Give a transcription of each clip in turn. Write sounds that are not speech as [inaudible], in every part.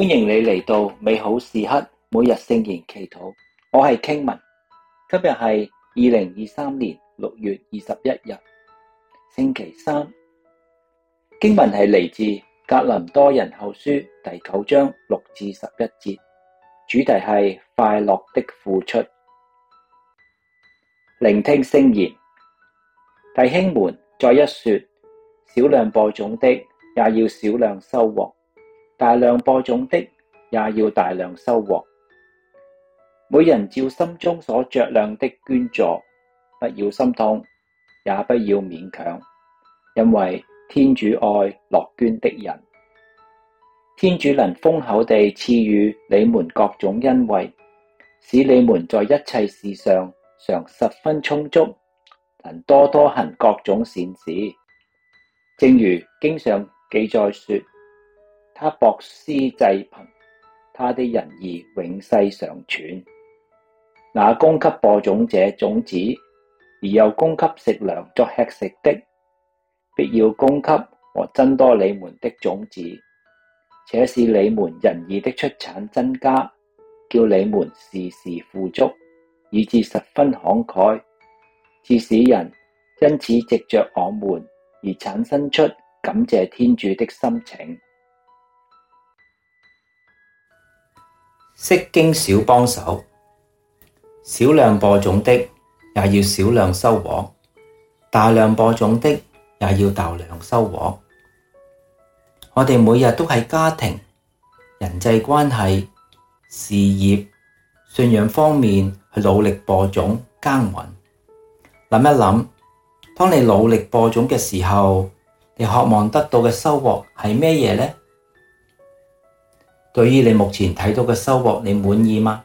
歡迎你嚟到美好時刻，每日聖言祈禱。我係傾文，今日係二零二三年六月二十一日，星期三。經文係嚟自《格林多人後書》第九章六至十一節，主題係快樂的付出。聆聽聖言，弟兄們，再一說，小量播種的也要小量收穫。大量播種的，也要大量收穫。每人照心中所酌量的捐助，不要心痛，也不要勉強，因為天主愛樂捐的人。天主能豐厚地賜予你們各種恩惠，使你們在一切事上常十分充足，能多多行各種善事。正如經上記載說。他博施濟貧，他的仁義永世常存。那供給播種者種子，而又供給食糧作吃食的，必要供給和增多你們的種子，且使你們仁義的出產增加，叫你們事事富足，以致十分慷慨，致使人因此藉着我們而產生出感謝天主的心情。釋經小幫手，小量播種的也要小量收穫，大量播種的也要大量收穫。我哋每日都喺家庭、人際關係、事業、信仰方面去努力播種耕耘。諗一諗，當你努力播種嘅時候，你渴望得到嘅收穫係咩嘢咧？對於你目前睇到嘅收穫，你滿意嗎?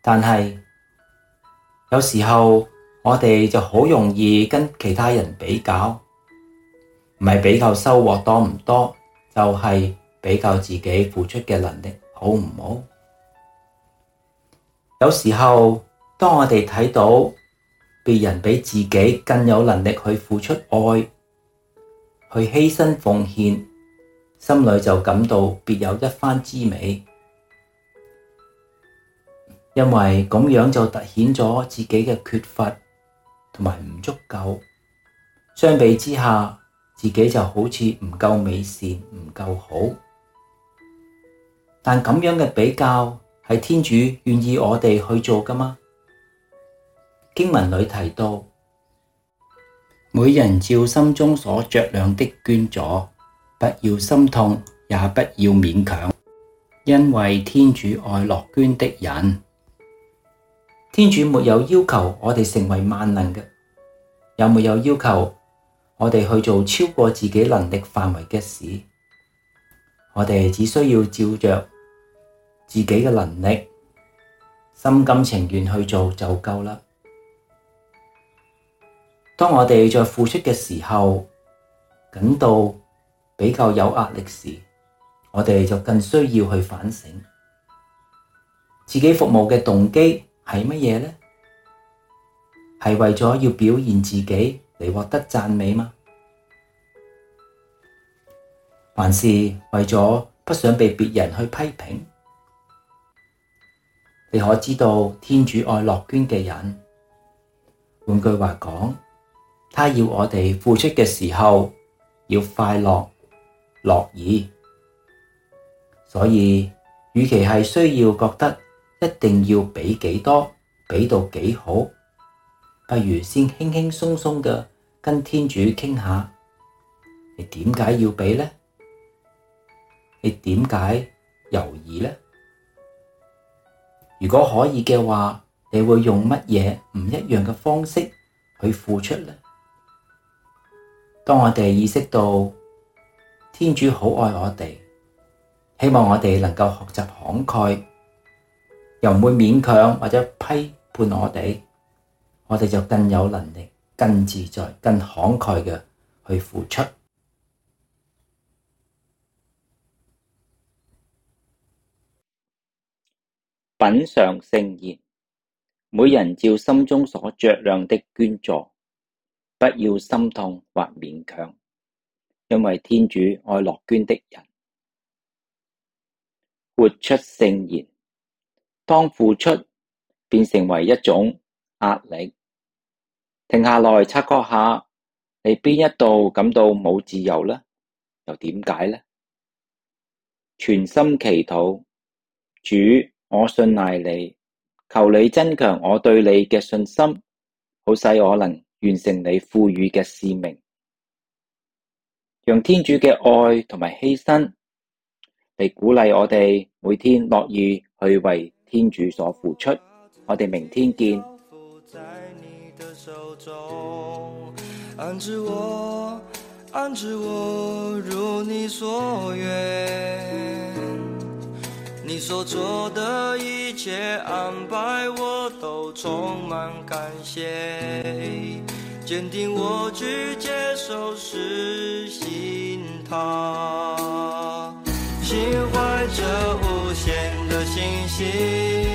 但係，有時候我哋就好容易跟其他人比較，唔係比較收穫多唔多，就係比較自己付出嘅能力好唔好？有時候，當我哋睇到別人比自己更有能力去付出愛、去犧牲奉獻。心裏就感到別有一番滋味，因為咁樣就凸顯咗自己嘅缺乏同埋唔足夠。相比之下，自己就好似唔夠美善，唔夠好。但咁樣嘅比較係天主願意我哋去做㗎嘛？經文裏提到，每人照心中所酌量的捐助。不要心痛，也不要勉強，因為天主愛樂捐的人。天主沒有要求我哋成為萬能嘅，也沒有要求我哋去做超過自己能力範圍嘅事。我哋只需要照着自己嘅能力，心甘情願去做就夠啦。當我哋在付出嘅時候，感到比較有壓力時，我哋就更需要去反省自己服務嘅動機係乜嘢呢？係為咗要表現自己嚟獲得讚美嗎？還是為咗不想被別人去批評？你可知道天主愛樂捐嘅人？換句話講，他要我哋付出嘅時候要快樂。樂意，所以，與其係需要覺得一定要俾幾多，俾到幾好，不如先輕輕鬆鬆嘅跟天主傾下，你點解要俾呢？你點解猶豫呢？如果可以嘅話，你會用乜嘢唔一樣嘅方式去付出呢？」當我哋意識到。天主好愛我哋，希望我哋能夠學習慷慨，又唔會勉強或者批判我哋，我哋就更有能力、更自在、更慷慨嘅去付出。品嚐聖言，每人照心中所酌量的捐助，不要心痛或勉強。因為天主愛樂捐的人。活出聖言，當付出變成為一種壓力，停下來，察覺下你邊一度感到冇自由呢？又點解呢？全心祈禱，主，我信賴你，求你增強我對你嘅信心，好使我能完成你賦予嘅使命。讓天主嘅愛同埋犧牲嚟，鼓勵我哋每天樂意去為天主所付出。我哋明天見。 [music] 堅定我去接受，實行它，心懷着無限的信心。